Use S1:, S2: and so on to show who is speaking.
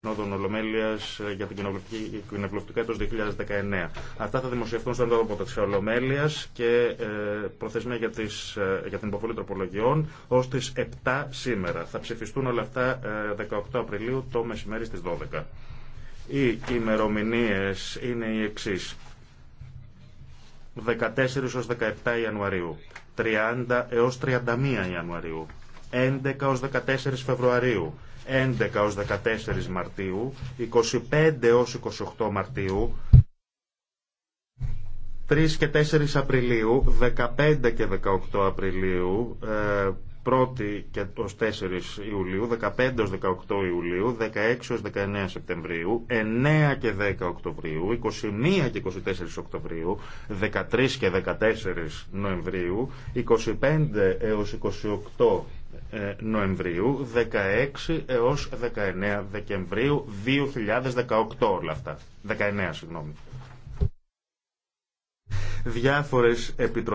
S1: Συνόδων Ολομέλεια ε, για την κοινοβουλευτική έτο 2019. Αυτά θα δημοσιευτούν στον τόπο τη Ολομέλεια και ε, προθεσμία για, τις, ε, για την υποβολή τροπολογιών ω τι 7 σήμερα. Θα ψηφιστούν όλα αυτά 18 Απριλίου το μεσημέρι στι 12. Οι ημερομηνίε είναι οι εξή. 14 έως 17 Ιανουαρίου, 30 έως 31 Ιανουαρίου, 11 ε, ως 14 Φεβρουαρίου, 11 ως 14 Μαρτίου, 25 ως 28 Μαρτίου, 3 και 4 Απριλίου, 15 και 18 Απριλίου, 1η και 4 Ιουλίου, 15 ως 18 Ιουλίου, 16 ως 19 Σεπτεμβρίου, 9 και 10 Οκτωβρίου, 21 και 24 Οκτωβρίου, 13 και 14 Νοεμβρίου, 25 έως 28 Νοεμβρίου 16 έως 19 Δεκεμβρίου 2018 όλα αυτά. 19 συγγνώμη.
S2: Διάφορες επιτροπές